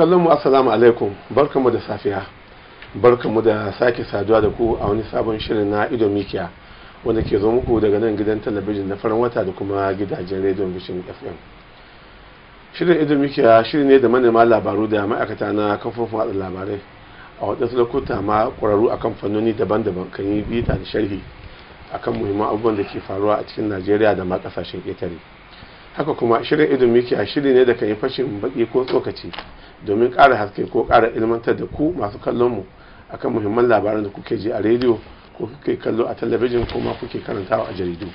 kallon mu assalamu alaikum barkanmu da safiya barkanmu da sake saduwa da ku a wani sabon shirin na ido mikiya wanda ke zo muku daga nan gidan talabijin na farin wata da kuma gidajen rediyon bishin fm shirin ido mikiya shiri ne da manema labaru da ma'aikata na kafofin watsa labarai a waɗansu lokuta ma ƙwararru a fannoni daban-daban kan yi bita da sharhi akan muhimman abubuwan da ke faruwa a cikin najeriya da ma kasashen ƙetare haka kuma shirin ido mikiya shiri ne da kan yi fashin baƙi ko tsokaci domin ƙara haske ko ƙara ilmantar da ku masu kallon mu akan muhimman labaran da kuke ji a rediyo ko kuke kallo a talabijin ko ma kuke karantawa a jaridu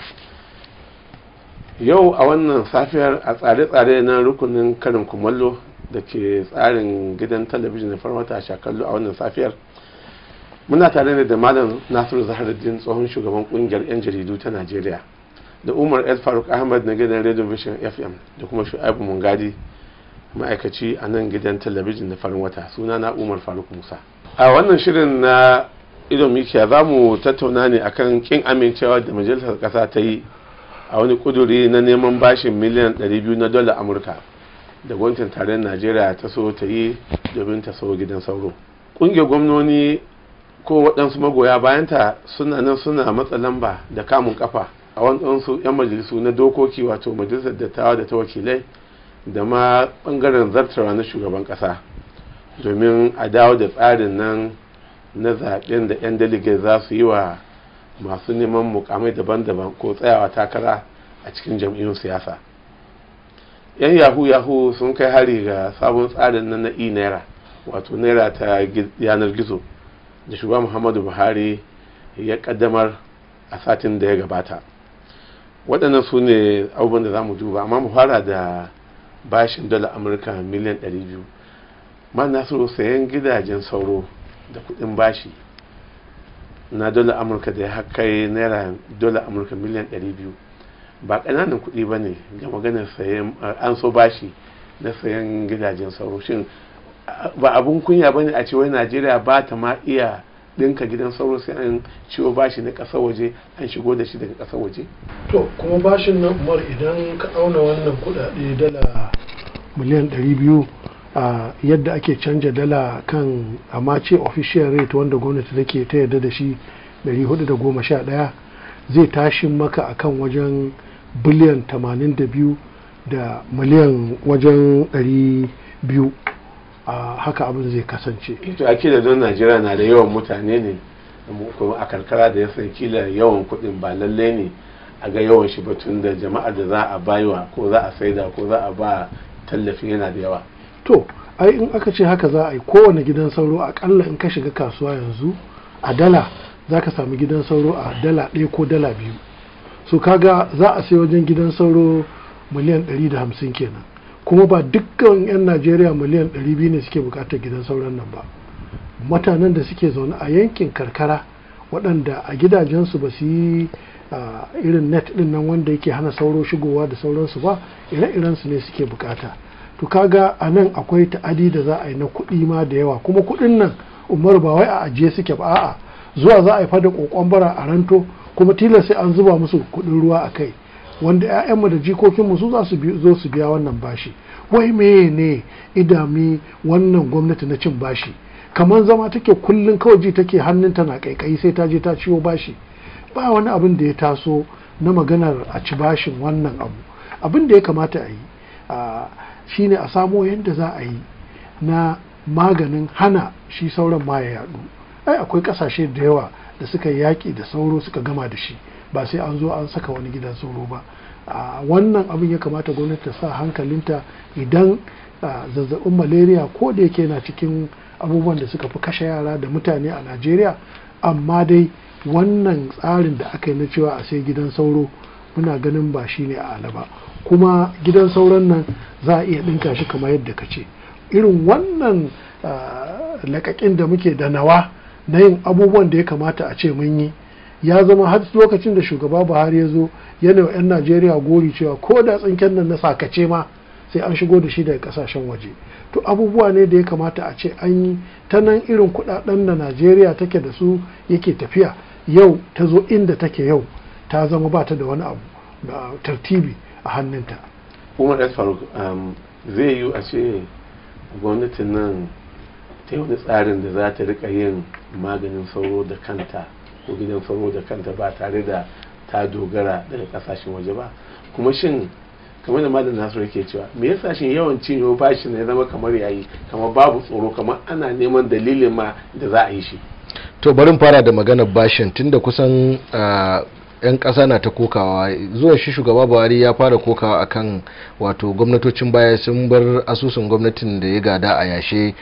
yau a wannan safiyar a tsare-tsare na rukunin karin kumallo da ke tsarin gidan talabijin na farmata a kallo a wannan safiyar muna tare ne da malam nasiru zaharuddin tsohon shugaban kungiyar 'yan jaridu ta najeriya da umar el faruk ahmad na gidan radio vision fm da kuma shu'aibu mungadi ma'aikaci a nan gidan talabijin na farin wata suna na umar faruk musa a wannan shirin na idon mikiya za mu tattauna ne akan kin amincewa da majalisar kasa ta yi a wani kuduri na neman bashin miliyan 200 na dollar amurka da gwamnatin tarayyar najeriya ta so ta yi domin ta so gidan sauro ƙungiyar gwamnoni ko waɗansu magoya bayanta suna nan suna matsa lamba da kamun kafa a waɗansu 'yan majalisu na dokoki wato majalisar dattawa da ta wakilai da ma bangaren zartarwa na shugaban kasa domin a dawo da tsarin nan na zaɓen da 'yan delegate za su yi wa masu neman mukamai daban-daban ko tsayawa takara a cikin jam'iyyun siyasa 'yan yahu yahu sun kai hari ga sabon tsarin nan na e naira wato naira ta yanar gizo da shugaban muhammadu buhari ya kaddamar a satin da ya gabata waɗannan su ne abubuwan da za mu duba amma mu fara da bashin dala amurka miliyan 200 man nasiru sayan gidajen sauro da kudin bashi na dala amurka da ya hakai naira dala amurka miliyan 200 ba ƙananan kuɗi ba ne ga maganar sayan an so bashi na sayan gidajen sauro shin ba abun kunya ba ne a cewa najeriya ba ta ma iya dinka gidan sauro sai an ciwo bashi na ƙasar waje an shigo da shi daga ƙasar waje to kuma bashin na umar idan ka auna wannan kuɗaɗe dala miliyan ɗari a yadda ake canja dala kan amma ce official rate wanda gwamnati take ta yarda da shi 411 zai tashi maka akan wajen biliyan 82 da miliyan wajen 200 haka abin zai kasance ito akila don najeriya na da yawan mutane ne a karkara da ya san kila yawan kuɗin ba lalle ne a ga yawan shi batun da jama'a da za a baiwa ko za a saida ko za a ba tallafi yana da yawa to ai in aka ce haka za a yi kowane gidan sauro a akalla in ka shiga kasuwa yanzu a dala za ka sami gidan sauro a dala ɗaya ko dala biyu so kaga za a sai wajen gidan sauro miliyan 150 kenan kuma ba dukkan 'yan najeriya miliyan 200 ne suke bukatar gidan sauran nan ba mutanen da suke zaune a yankin karkara waɗanda a gidajensu ba su yi irin net ɗin nan wanda yake hana sauro shigowa da sauransu ba ire-irensu ne suke bukata to kaga a nan akwai ta'adi da za a yi na kuɗi ma da yawa kuma kuɗin nan umaru ba wai a ajiye suke ba a'a zuwa za a yi fada kokon bara a ranto kuma tilas sai an zuba musu kuɗin ruwa a kai wanda 'ya'yanmu da jikokinmu su za su zo su biya wannan bashi wai meye ne idami wannan gwamnati na cin bashi kamar zama take kullum kawai ji take ta na kaikayi sai ta je ta ciwo bashi ba wani abin da ya taso na maganar a ci bashin wannan abu abin da ya kamata a yi shine a samo yadda za a yi na maganin hana shi sauran ma ya yadu ai akwai kasashe da yawa da suka yaƙi da sauro suka gama da shi ba sai an zo an saka wani gidan sauro ba wannan abin ya kamata gwamnati ta sa hankalinta idan zazzabin malaria ko da yake na cikin abubuwan da suka fi kashe yara da mutane a najeriya amma dai wannan tsarin da aka yi na cewa a sai gidan sauro muna ganin ba shi ne a alaba kuma gidan sauron nan za a iya ɗinka shi kamar yadda ka ce irin wannan laƙaƙin da muke da nawa na yin abubuwan da ya kamata a ce mun yi ya zama har lokacin da shugaba buhari ya zo yana wa 'yan najeriya gori cewa ko da tsinken nan na sakace ma sai an shigo da shi daga kasashen waje to abubuwa ne da ya kamata a ce an yi ta nan irin kudaden da najeriya take da su yake tafiya yau ta zo inda take yau ta zama ba ta da wani abu da tartibi a hannunta umar s um, zai yiwu a ce gwamnatin nan ta yi wani tsarin da za ta rika yin maganin sauro da kanta ko gidan sauro da kanta ba tare da ta dogara daga kasashen waje ba kuma shin kamar da malam nasiru yake cewa me yasa shin yawan yau bashi ne zama kamar yayi kamar babu tsoro kamar ana neman dalilin ma da za a yi shi to bari fara da maganar bashin tunda kusan ah, 'yan ƙasa na ta kokawa zuwa shi shugaba buhari ya fara kokawa akan wato gwamnatocin baya sun bar asusun gwamnatin da ya gada a yashe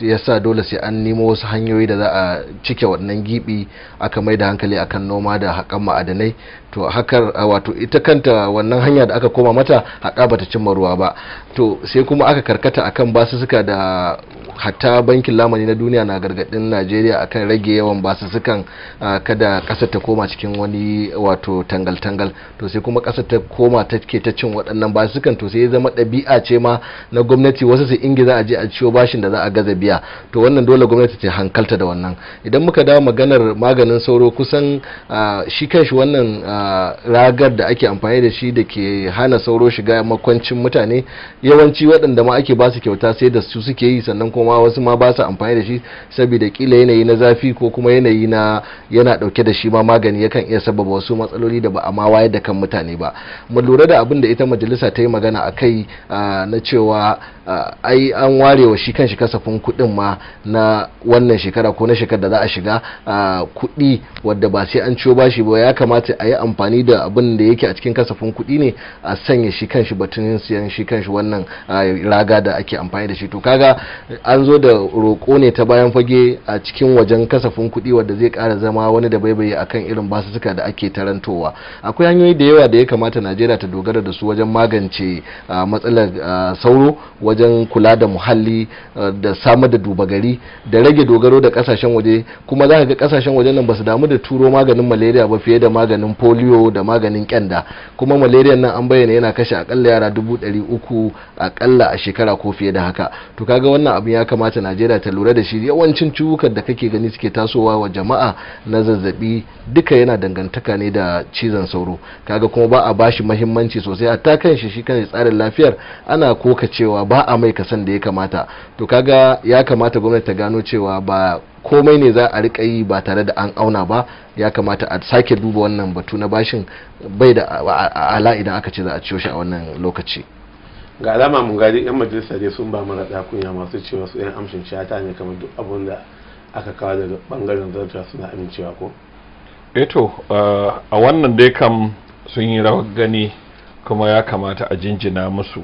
ya sa dole sai an nemo wasu hanyoyi da za a cike waɗannan gibi aka mai da hankali akan noma da haƙan ma'adanai to hakar wato ita kanta wannan hanya da aka koma mata haɗa bata cimma ruwa ba to sai kuma aka karkata akan basussuka da hatta bankin lamani na duniya na gargadin najeriya akan rage yawan basussukan kada ƙasar ta koma cikin wani wato tangal-tangal to sai kuma ƙasar ta koma ta ke ta cin waɗannan basussukan to sai ya zama ɗabi'a ce ma na gwamnati wasu su za a je a ciwo bashin da za a gaza biya to wannan dole gwamnati ta hankalta da wannan idan muka dawo maganar maganin sauro kusan shi kanshi wannan ragar da ake amfani da shi da ke hana sauro shiga makwancin mutane yawanci waɗanda ma ake ba su kyauta sai da su suke yi sannan kuma wasu ma ba su amfani da shi saboda kila yanayi na zafi ko kuma yanayi na yana ɗauke da shi ma magani yakan iya sababa wasu matsaloli da ba a ma wayar da kan mutane ba mu lura da abin da ita majalisa ta yi magana a kai na cewa ai an warewa shi kan shi kasafin kuɗin ma na wannan shekara ko na shekara da za a shiga kuɗi wadda ba sai an ciwo bashi ba ya kamata a yi amfani da abin da yake a cikin kasafin kuɗi ne a sanya shi kanshi batunin siyan shi kanshi wannan raga da ake amfani da shi to kaga an zo da roƙo ne ta bayan fage a cikin wajen kasafin kuɗi wanda zai ƙara zama wani da baibaye akan irin basussuka da ake tarantowa akwai hanyoyi da yawa da ya kamata najeriya ta dogara da su wajen magance matsalar sauro wajen kula da muhalli da samar da duba gari da rage dogaro da kasashen waje kuma za ka ga kasashen wajen nan ba su damu da turo maganin malaria ba fiye da maganin polio polio da maganin kyanda kuma malaria nan an bayyana yana kashe akalla yara dubu ɗari uku akalla a shekara ko fiye da haka to kaga wannan abin ya kamata najeriya ta lura da shi yawancin ciwukan da kake gani suke tasowa wa jama'a na zazzabi duka yana dangantaka ne da cizon sauro kaga kuma ba a bashi mahimmanci sosai hatta kan shi shi kan tsarin lafiyar ana koka cewa ba a mai kasan da ya kamata to kaga ya kamata gwamnati ta gano cewa ba komai ne za a rika yi ba tare da an auna ba ya kamata a sake duba wannan batu na bashin bai da ala idan aka ce za a ciyo shi a wannan lokaci ga alama mun yan majalisa dai sun ba mana dakunya masu cewa su yan amshin shata ne kamar duk abun da aka kawo daga bangaren zarta suna amincewa ko eto eh a wannan dai kam sun yi rawar gani kuma ya kamata a jinjina musu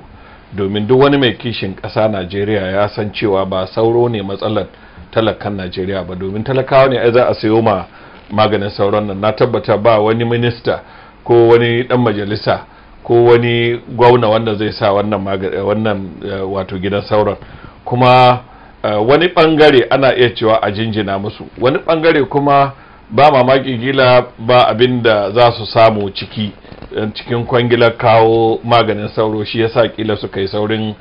domin duk wani mai kishin kasa najeriya ya san cewa ba sauro ne matsalar talakan najeriya ba domin talakawa ne ai za a sayo ma maganin sauran nan na tabbata ba wani minista ko wani dan majalisa ko wani gwamna wanda zai sa wannan wannan eh, wato gidan sauran kuma eh, wani bangare ana iya cewa a jinjina musu wani bangare kuma ba mamaki gila ba abin da za su samu ciki eh, cikin kwangilar kawo maganin sauro shi yasa kila su kai saurin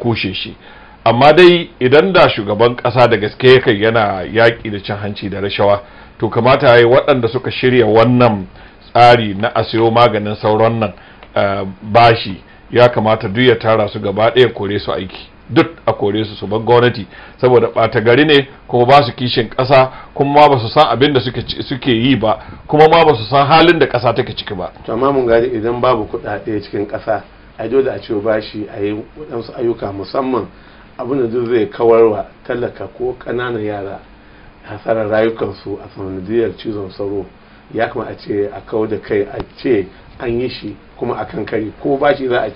kushe shi amma dai idan da shugaban ƙasa da gaske yake yana yaƙi da cin hanci da rashawa to kamata ya yi waɗanda suka shirya wannan tsari na a siyo maganin sauran nan eh, bashi ya kamata duk ya tara su gaba ɗaya kore su aiki duk a kore su su bar gwamnati saboda ɓata gari ne kuma ba su kishin ƙasa kuma ba su san abin da suke yi ba kuma ma ba su san halin da ƙasa take ciki ba to amma mun idan babu kuɗaɗe cikin ƙasa ai dole a ciwo bashi a yi waɗansu ayyuka musamman abin da zai kawar wa talaka ko ƙananan yara hasarar rayukansu a sanadiyar cizon sauro ya kama a ce a kawo da kai a ce an yi shi kuma a kankari ko ba shi za a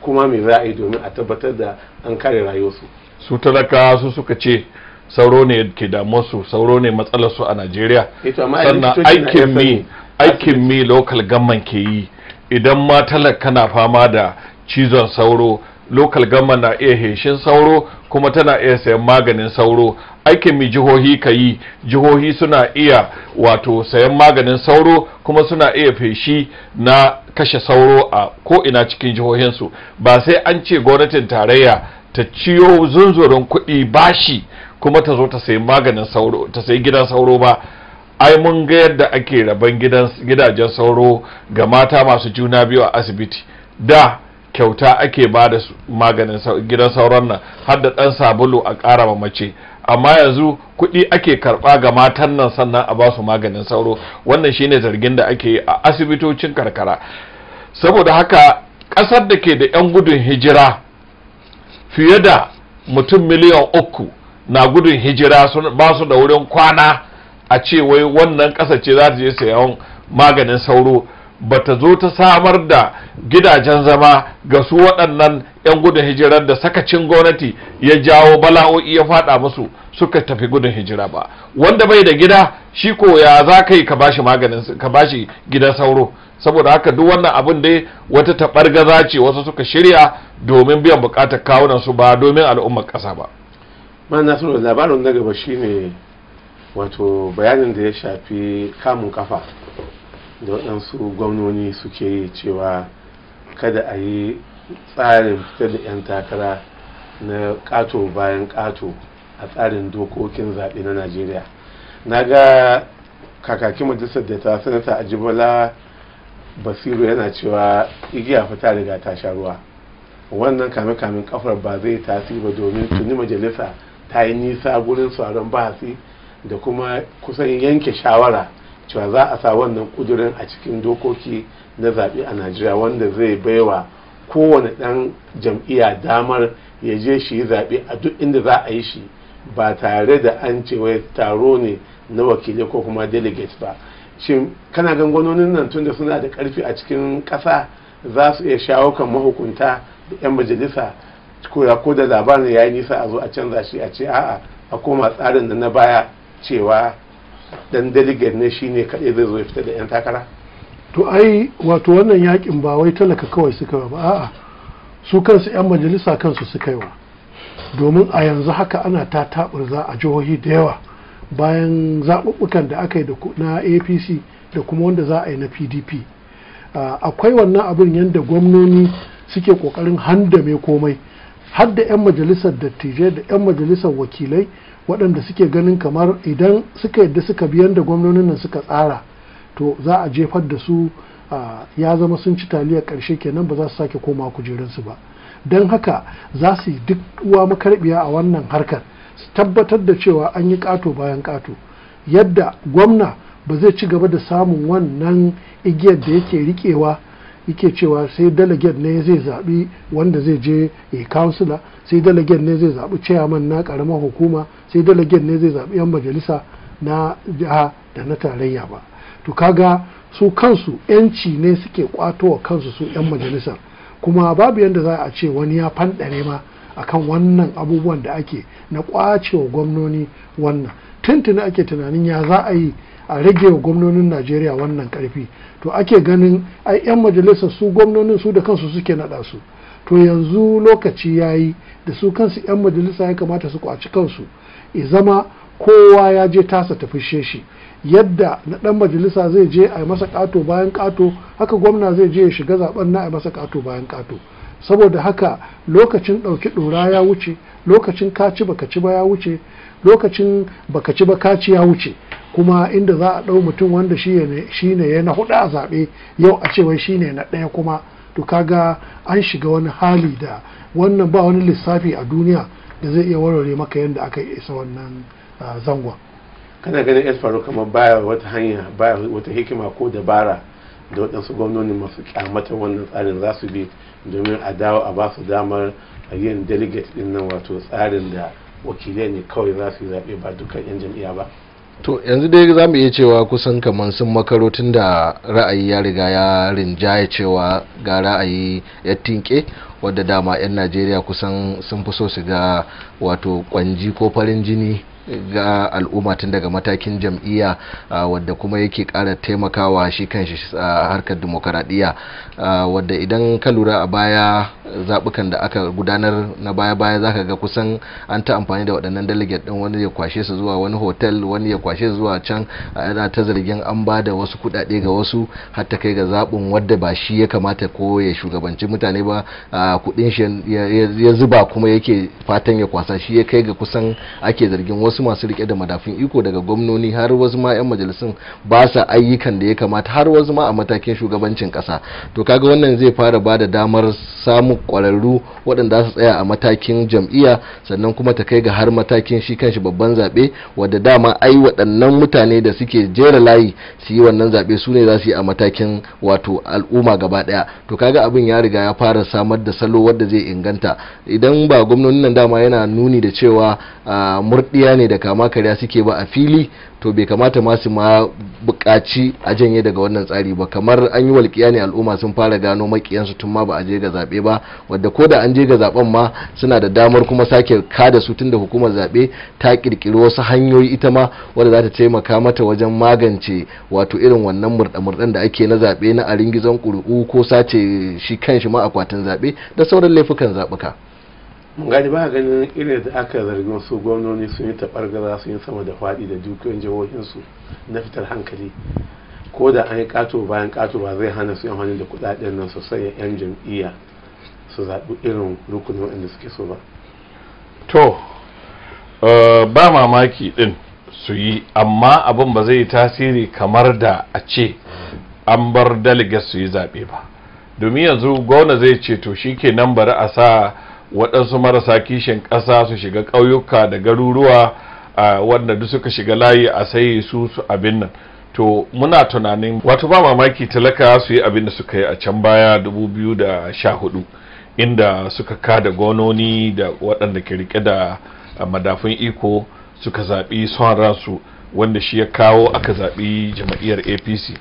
kuma me za a yi domin a tabbatar da an kare rayuwarsu su talaka su suka ce sauro ne ke damuwarsu sauro ne matsalarsu a najeriya eh sannan aikin mi aikin mi gamman ke yi idan ma talaka na fama da cizon sauro local government na iya heshin sauro kuma tana iya sayan maganin sauro aikin mai jihohi ka yi jihohi suna iya wato sayan maganin sauro kuma suna iya feshi na kashe sauro a ko ina cikin jihohinsu ba sai an ce gwamnatin tarayya ta ciyo zunzurin kuɗi bashi kuma ta zo ta sayi maganin sauro ta sayi gidan sauro ba ai mun ga yadda ake rabon gidajen sauro ga mata masu juna biyu a asibiti da kyauta ake ba da maganin gidan sauran nan har da ɗan sabulu a ƙara ma mace amma yanzu kuɗi ake karɓa ga matan nan sannan a ba su maganin sauro wannan shine zargin da ake yi a asibitocin karkara saboda haka ƙasar da ke da 'yan gudun hijira fiye da mutum miliyan uku na gudun hijira ba su da wurin kwana a ce wai wannan ƙasa ce za ta je sayan maganin sauro ba ta zo ta samar da gidajen zama ga su waɗannan 'yan gudun hijirar da sakacin gwamnati ya jawo bala'o'i ya faɗa musu suka tafi gudun hijira ba wanda bai da gida shi ko ya za ka yi ka bashi maganin gidan sauro saboda haka duk wannan abin dai wata taɓargaza ce wasu suka shirya domin biyan buƙatar kawunan su ba domin al'ummar ƙasa ba man labarin na gaba shine wato bayanin da ya shafi kamun kafa da waɗansu gwamnoni suke yi cewa kada a yi tsarin fitar da 'yan takara na ƙato bayan ƙato a tsarin dokokin zaɓe na najeriya na ga kakakin majalisar da ta sanata ajibola basiru yana cewa igiya fita riga ta sha ruwa wannan kame kamin kafar ba zai tasi ba domin tuni majalisa ta yi nisa gurin tsaron bahasi da kuma kusan yanke shawara cewa za a sa wannan kudurin a cikin dokoki na zaɓe a najeriya wanda zai baiwa kowane ɗan jam'iyya damar ya je shi yi zaɓe a duk inda za a yi shi ba tare da an ce wai taro ne na wakilai ko kuma delegates ba shin kana gan nan nan da suna da ƙarfi a cikin ƙasa za su iya shawo kan mahukunta da 'yan majalisa ko da labarin ya yi nisa a zo a canza shi a ce a'a a koma tsarin da na baya cewa dan delegate ne shine kaɗai zai zo ya fita da 'yan takara to ai wato wannan yakin ba wai talaka kawai suka ba a'a su kansu 'yan majalisa kansu suka yi wa domin a yanzu haka ana ta za a jihohi da yawa bayan zaɓuɓɓukan da aka yi na apc da kuma wanda za a yi na pdp akwai wannan abin yadda gwamnoni suke ƙoƙarin handame komai har da 'yan majalisar dattijai da 'yan majalisar wakilai waɗanda suke ganin kamar idan suka yadda suka biyan da gwamnonin nan suka tsara to za a jefar da su ya zama sun ci taliyar ƙarshe kenan ba za su sake koma su ba don haka za su yi duk uwa makarbiya a wannan harkar su tabbatar da cewa an yi ƙato bayan ƙato yadda gwamna ba zai ci gaba da samun wannan igiyar da yake riƙewa yake cewa sai delegate ne zai zaɓi wanda zai je a kansila sai delegate ne zai zaɓi chairman na ƙaramar hukuma sai delegate ne zai zaɓi 'yan majalisa na jiha da na tarayya ba to kaga su kansu 'yanci ne suke kwato wa kansu su 'yan majalisa kuma babu yadda za a ce wani ya fanɗare ma akan wannan abubuwan da ake na kwacewa gwamnoni wannan tuntuni ake tunanin ya za a yi a rage wa gwamnonin najeriya wannan karfi to ake ganin ai 'yan majalisa su gwamnonin su da kansu suke naɗa su to yanzu lokaci ya yi da su kansu 'yan majalisa ya kamata su kwaci kansu i zama kowa ya je tasa tafi shi yadda na dan majalisa zai je a yi masa kato bayan kato haka gwamna zai je ya shiga zaben na a yi masa kato bayan kato saboda haka lokacin ɗauki ɗora ya wuce lokacin kaci baka ci ba ya wuce lokacin baka ci ba kaci ya wuce kuma inda za a ɗau mutum wanda shi ne ya na hudu a zaɓe yau a cewa shi ne na ɗaya kuma to kaga an shiga wani hali da wannan ba wani lissafi a duniya da zai iya warware maka yadda aka isa wannan zangon kana ganin es faru kamar baya wata hanya baya wata hikima ko dabara da waɗansu gwamnoni masu kyamata wannan tsarin za su bi domin a dawo a ba su damar yin delegate din nan wato tsarin da wakilai ne kawai za su yi zaɓe ba dukkan 'yan jam'iyya ba to yanzu dai za mu iya cewa kusan kamar sun makaro tun da ra'ayi ya riga ya rinjaye cewa ga ra'ayi ya tinke wadda dama 'yan najeriya kusan sun fi so su ga wato kwanji ko farin jini ga al'umma tun daga matakin jam'iyya wadda kuma yake kara taimakawa shi kanshi harkar dimokuraɗiyya wadda idan ka lura a baya zaɓukan da aka gudanar na baya-baya za ka ga kusan an ta amfani da waɗannan delegate ɗin wani ya kwashe su zuwa wani hotel wani ya kwashe su zuwa can a yana ta zargin an ba da wasu kuɗaɗe ga wasu har ta kai ga zaɓin wadda ba shi ya kamata ko ya shugabanci mutane ba a kuɗin shi ya zuba kuma yake fatan ya kwasa shi ya kai ga kusan ake zargin wasu masu riƙe da madafin iko daga gwamnoni har wasu ma 'yan majalisun ba sa ayyukan da ya kamata har wasu ma a matakin shugabancin ƙasa to kaga wannan zai fara ba da damar samu kwararru waɗanda su tsaya a matakin jam'iyya sannan kuma ta kai ga har matakin shi kanshi babban zaɓe wadda dama ai waɗannan mutane da suke jera layi su yi wannan zaɓe su ne za su yi a matakin wato al'umma gaba ɗaya to kaga abin ya riga ya fara samar da salo wadda zai inganta idan ba gwamnonin nan dama yana nuni da cewa murɗiya ne da kama karya suke ba a fili to bai kamata ma su ma buƙaci a janye daga wannan tsari ba kamar an yi walƙiya ne al'umma sun fara gano maƙiyansu tun ma ba a je ga zaɓe ba wadda ko da an je ga zaben ma suna da damar kuma sake kada su da hukumar zaɓe ta kirkiri wasu hanyoyi ita ma wadda za ta taimaka mata wajen magance wato irin wannan murɗa-murɗan da ake na zaɓe na a ringizan ƙuri'u ko sace shi kan shi ma akwatin zaɓe da sauran laifukan zaɓuka. gani ba ganin irin da aka zargin su gwamnoni sun yi taɓargaza sun yi sama da faɗi da dukiyoyin jihohinsu na fitar hankali ko da an yi kato bayan kato ba zai hana su yi hannun da kudaden nan sosai yan jam'iyya su zaɓi irin rukunin waɗanda suke so ba to eh, ba mamaki ɗin su yi amma abin ba zai yi tasiri kamar da a ce an bar delegates su yi zaɓe ba domin yanzu gwamna zai ce to shi ke nan bari a sa waɗansu marasa kishin ƙasa su shiga ƙauyuka da garuruwa a wanda duk suka shiga layi a sai su su abin nan to muna tunanin wato ba mamaki talaka su yi abin da suka yi a can baya da 2014 inda suka kada gononi da waɗanda ke rike da madafun iko suka zaɓi son ransu wanda shi ya kawo aka zaɓi jama'iyyar apc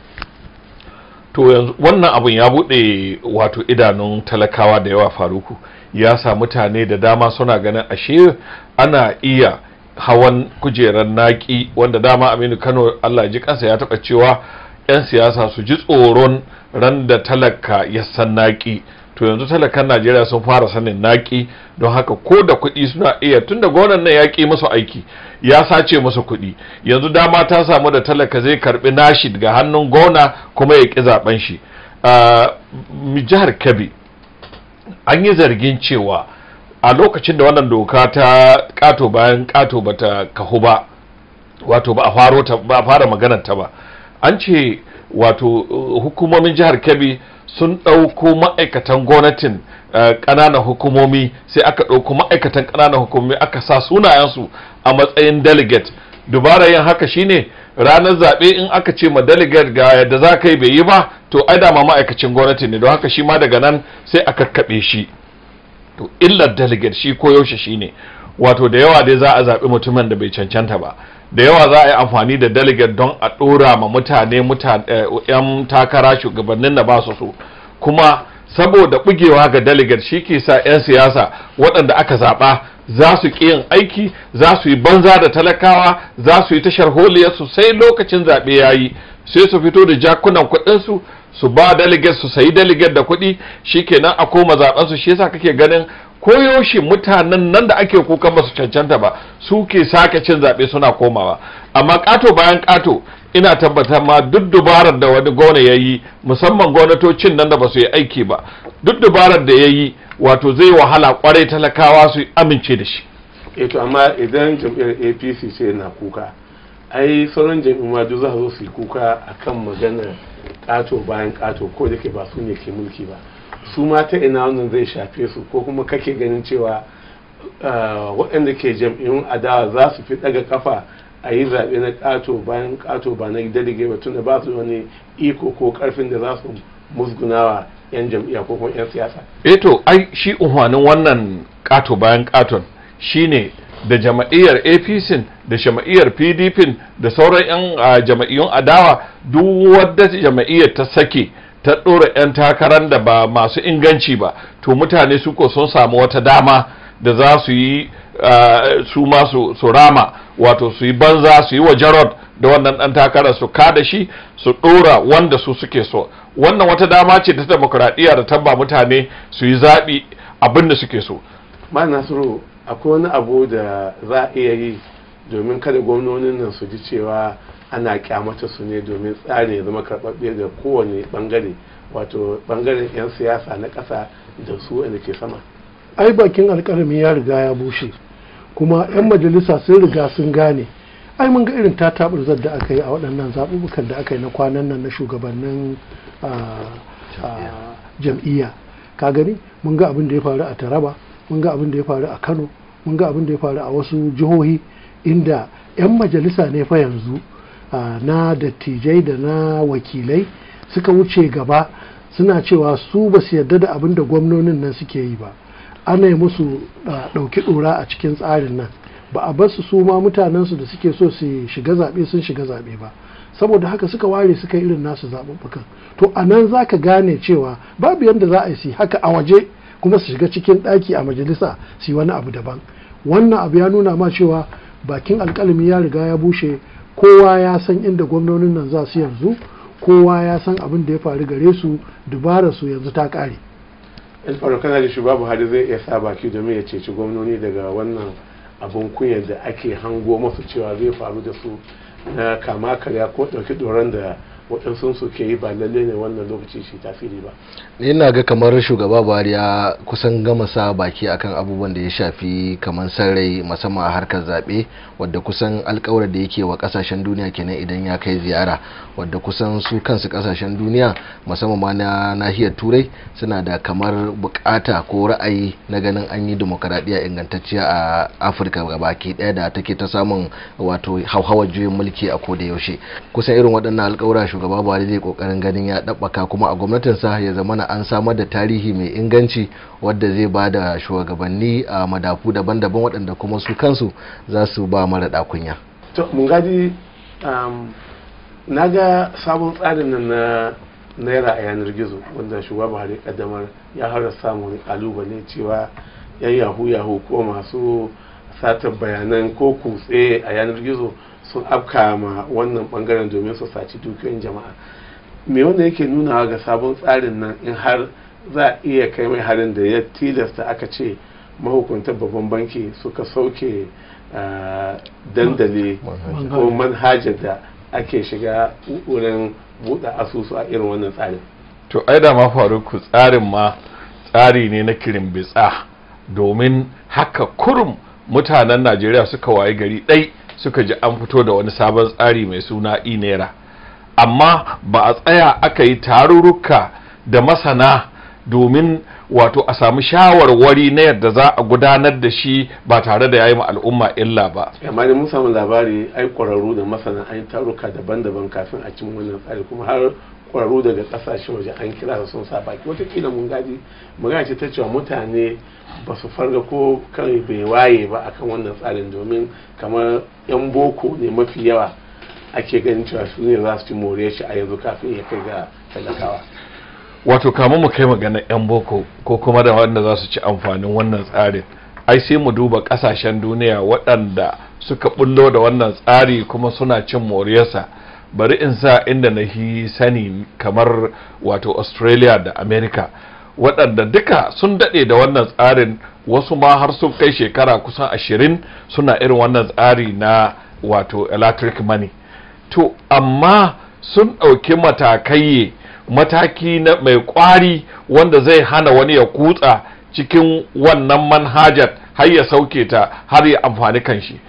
to yanzu wannan abun ya buɗe wato idanun talakawa da yawa faruku ya sa mutane da dama suna ganin ashe ana iya hawan kujerar naƙi wanda dama aminu kano allah ji kansa ya taɓa cewa 'yan siyasa su ji tsoron randa talaka ya san naƙi to yanzu talakan najeriya sun fara sanin naƙi don haka ko da kuɗi suna iya tun da gonan nan ya ƙi musu aiki ya sace musu kuɗi yanzu dama ta samu da talaka zai karɓi nashi daga hannun gona kuma ya ƙi zaɓen shi jihar kebbi an yi zargin cewa a lokacin da wannan doka ta ƙato bayan ƙato bata kahu ba wato ba a fara maganar ta ba an ce wato hukumomin jihar kebbi sun ɗauko ma'aikatan gwamnatin eh, ƙananan hukumomi sai aka ɗauko ma'aikatan ƙananan hukumomi aka sa sunayensu a matsayin delegate dubara yin haka shine ranar zaɓe in aka ce ma delegate ga yadda za ka yi bai yi ba to ai dama ma'aikacin gwamnati ne don haka shi ma daga nan sai a kakkaɓe shi to illar delegate shi ko koyaushe shine wato da yawa dai za a zaɓi mutumin da bai cancanta ba da yawa za a yi amfani da delegate don a ɗora ma mutane yan eh, takara shugabannin da ba su so kuma saboda bugewa ga delegate shi ke sa 'yan siyasa waɗanda aka zaɓa za su ƙi yin aiki za su yi banza da talakawa za su yi tashar holiya su sai lokacin zaɓe ya yi sai su fito da jakunan kuɗinsu su ba delegate su sayi delegate da kuɗi shi kenan a koma zaɓensu shi yasa kake ganin koyaushe mutanen nan da ake kuka masu cancanta ba su ke sake cin zaɓe suna komawa amma ƙato bayan ƙato ina tabbatar ma duk dubarar da wani gona ya yi musamman gwamnatocin nan da ba su yi aiki ba duk dubarar da ya yi wato zai wahala kwarai talakawa su amince da shi eto eh, amma idan jam'iyyar apc ce na kuka ai sauran jam'iyyar ma duk za su yi kuka akan maganar ƙato bayan ƙato ko da ke ba su ne ke mulki ba su ma ta ina wannan zai shafe su ko kuma kake ganin cewa ah, waɗanda ke jam'iyyun adawa za su fi ɗaga kafa a yi zaɓe na ƙato bayan ƙato ba na dalige ba tunda ba su wani iko ko ƙarfin da za su musgunawa 'yan jam'iyya ko kuma 'yan siyasa. eto eh ai shi umarnin wannan ƙato bayan ƙaton shine da jama'iyyar apc da jama'iyyar pdp da sauran 'yan ah, jama'iyyun adawa duk wadda jama'iyyar ta sake ta ɗora 'yan takarar da ba masu inganci ba to mutane su ko sun samu wata dama da za su yi su ma su rama wato su yi banza su yi wa jarod da wannan ɗan takarar su kada shi su ɗora wanda su suke so wannan wata dama ce ta demokuraɗiyya da tabba mutane su yi zaɓi abin da suke so ma nasiru akwai wani abu da za a iya yi domin kada gwamnonin nan su ji cewa ana kyamata su ne domin tsari ya zama karɓaɓɓe da kowane ɓangare wato ɓangaren 'yan siyasa na ƙasa da su wanda ke sama ai bakin alƙalami ya riga ya bushe kuma 'yan majalisa sun riga sun gane ai mun ga irin tataɓurzar da aka yi a waɗannan zaɓuɓɓukan da aka yi na kwanan nan na shugabannin ah, ah, jam'iyya ka gani mun ga abin da ya faru a taraba mun ga abin da ya faru a kano mun ga abin da ya faru a wasu jihohi inda 'yan majalisa ne fa yanzu na dattijai da na wakilai suka wuce gaba suna cewa su ba su yarda da abin da gwamnonin nan suke yi ba ana yi musu ɗauki ɗora a cikin tsarin nan ba a bar su su ma mutanensu da suke so su shiga zaɓe sun shiga zaɓe ba saboda haka suka ware suka irin nasu zaɓuɓɓukan to a nan za ka gane cewa babu yadda za a yi haka a waje kuma su shiga cikin ɗaki a majalisa su yi wani abu daban wannan abu ya nuna ma cewa bakin alkalami ya riga ya bushe kowa ya san inda gwamnonin nan za su yanzu kowa ya san abin da ya faru gare su dubara su yanzu ta kare alfaru kana da shugaba buhari zai iya sa baki domin ya ceci gwamnoni daga wannan abin kunya da ake hango masu cewa zai faru da su na kama karya ko ɗauki doron da waɗansu su ke yi ba lalle ne wannan lokaci shi tasiri ba ni ina ga kamar shugaba buhari ya kusan gama sa baki akan abubuwan da ya shafi kamar sarai musamman a harkar zaɓe wadda kusan alkawar da yake wa kasashen duniya kenan idan ya kai ziyara wadda kusan su kansu kasashen duniya musamman ma na nahiyar turai suna da kamar bukata ko ra'ayi na ganin an yi demokaradiyya ingantacciya a afirka baki ɗaya da take ta samun wato hauhawar juyin mulki a da yaushe kusan irin waɗannan alkawura shugaba buhari zai kokarin ganin ya ɗabbaka kuma a gwamnatinsa ya zama na an samar da tarihi mai inganci wadda zai ba da shugabanni a madafu daban-daban waɗanda kuma su kansu za su ba mara ɗakunya. to mun gadi um, na ga sabon tsarin nan na naira a yanar gizo wanda shugaba buhari kaddamar ya hara samun kalubale cewa yan yahu yahu ko masu satar bayanan ko kutse a yanar gizo sun afka ma wannan bangaren domin su saci dukiyoyin jama'a me wanda yake nunawa ga sabon tsarin nan in har za a iya kai mai harin da ya tilasta aka ce mahukuntar babban banki suka sauke ah, dandali ko manhajar da ake shiga wurin buɗe asusu a irin wannan tsarin to ai da ma faruku tsarin ma tsari ne na bitsa domin haka kurum mutanen najeriya suka waye gari ɗai suka ji an fito da wani sabon tsari mai suna inera amma ba a tsaya aka yi tarurruka da masana domin wato a samu shawarwari na yadda za a gudanar da shi ba tare da yayi ma al'umma illa ba amma da mun samu labari ai kwararru da masana ai taruka daban-daban kafin a cin wannan tsari kuma har kwararru daga kasashen waje an kira da sun sa baki watakila mun gaji magana ce ta cewa mutane ba su farga ko kai bai waye ba akan wannan tsarin domin kamar yan boko ne mafi yawa ake ganin cewa su ne za su ci more shi a yanzu kafin ya kai ga talakawa wato kama mu kai magana yan boko ko kuma da wanda za su ci amfanin wannan tsarin ai sai mu duba kasashen duniya waɗanda suka bullo da wannan tsari kuma suna cin moriyarsa bari in sa inda na hi sani kamar wato australia da america waɗanda duka sun daɗe da wannan tsarin wasu ma har sun kai shekara kusan ashirin suna irin wannan tsari na wato electric money to amma sun ɗauki matakai mataki na mai ƙwari wanda zai hana wani ya kutsa cikin wannan manhajar har ya sauke ta har ya amfani kanshi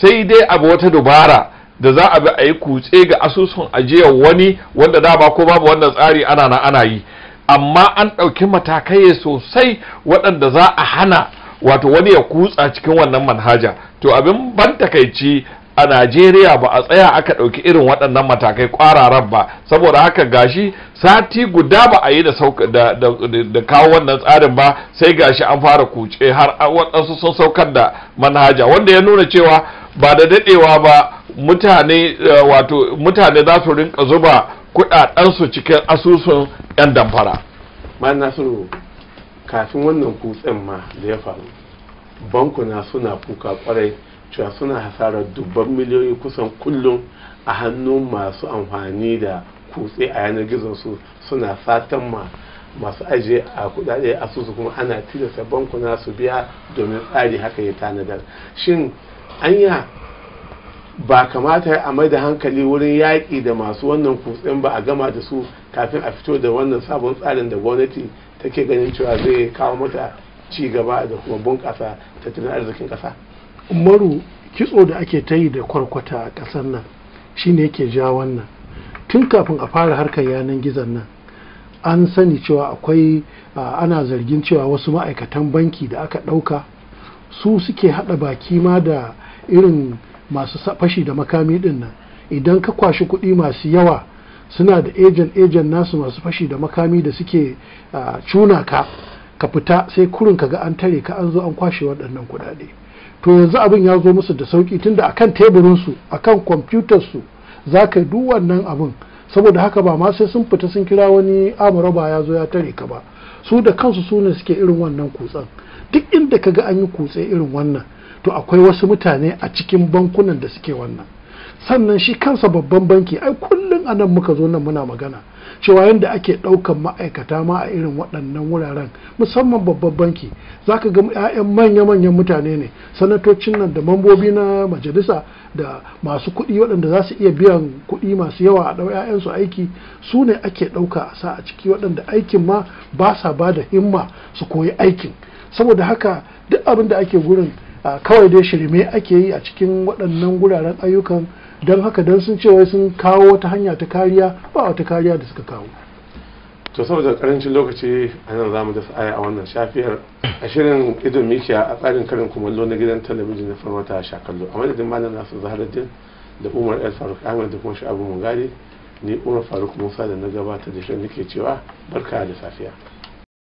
sai dai abu wata dubara da za a bi a yi kutse ga asusun ajiyar wani wanda da ba ko babu wannan tsari ana na ana yi amma an ɗauki matakai sosai waɗanda za a hana wato wani ya kutsa cikin wannan manhaja to abin ban takaici a najeriya ba a tsaya aka ɗauki irin waɗannan matakai ƙwararren ba saboda haka gashi sati guda ba a yi da, kawo wannan tsarin ba sai gashi an fara kuce har waɗansu sun saukar da manhaja wanda ya nuna cewa ba da dadewa ba mutane eh, wato mutane za su rinka zuba kudadensu cikin asusun 'yan damfara man nasiru kafin wannan kutsen ma da ya faru bankuna suna kuka kwarai cewa suna hasarar dubban miliyoyi kusan kullum a hannun masu amfani da kutse a yanar gizon su suna satan ma masu ajiye a kudade asusu kuma ana tilasta bankuna su biya domin tsari haka ya tanadar shin anya ba kamata a mai da hankali wurin yaƙi da masu wannan kutsen ba a gama da su kafin a fito da wannan sabon tsarin da gwamnati take ganin cewa zai kawo mata ci gaba da kuma bunƙasa tattalin arzikin ƙasa. umaru kitso da ake ta yi da kwarkwata a ƙasar nan shine yake ja wannan tun kafin a fara harkar yanar gizon nan an sani cewa akwai ana zargin cewa wasu ma'aikatan banki da aka ɗauka su suke haɗa baki ma da irin masu fashi da makami din nan idan ka kwashi kuɗi masu yawa suna da ejen ejen nasu masu fashi da makami da suke cuna ka ka fita sai kurin ka ga an tare ka an zo an kwashe waɗannan kuɗaɗe to yanzu abin ya zo musu da sauki tunda akan teburinsu akan kwamfutarsu za ka duk wannan abin saboda haka ba ma sai sun fita sun kira wani amuraba ya zo ya tare ka ba su da kansu su ne suke irin wannan kutsen duk inda ka ga an yi kutse irin wannan to akwai wasu mutane a cikin bankunan da suke wannan sannan shi kansa babban banki ai kullum a nan muka zo nan muna magana cewa yadda ake ɗaukan ma'aikata ma a irin waɗannan wuraren musamman babban banki za ka ga 'ya'yan manya-manyan mutane ne sanatocin nan da mambobi na majalisa da masu kuɗi waɗanda za su iya biyan kuɗi masu yawa a ɗau 'ya'yansu aiki su ne ake ɗauka a sa a ciki waɗanda aikin ma ba sa ba da himma su koyi aikin saboda haka duk abin da ake gurin kawai dai shirme ake yi a cikin waɗannan guraren ayyukan don haka don sun ce wai sun kawo wata hanya ta kariya ba wata kariya da suka kawo to saboda karancin lokaci a nan za mu dasa aya a wannan shafiyar a shirin idon mikiya a tsarin karin kumallo na gidan talabijin na farwata a kallo a madadin malam nasu zaharaddin da umar el faruk ahmed da kuma abu mugari ni umar faruk musa da na gabata da shirin nake cewa barka da safiya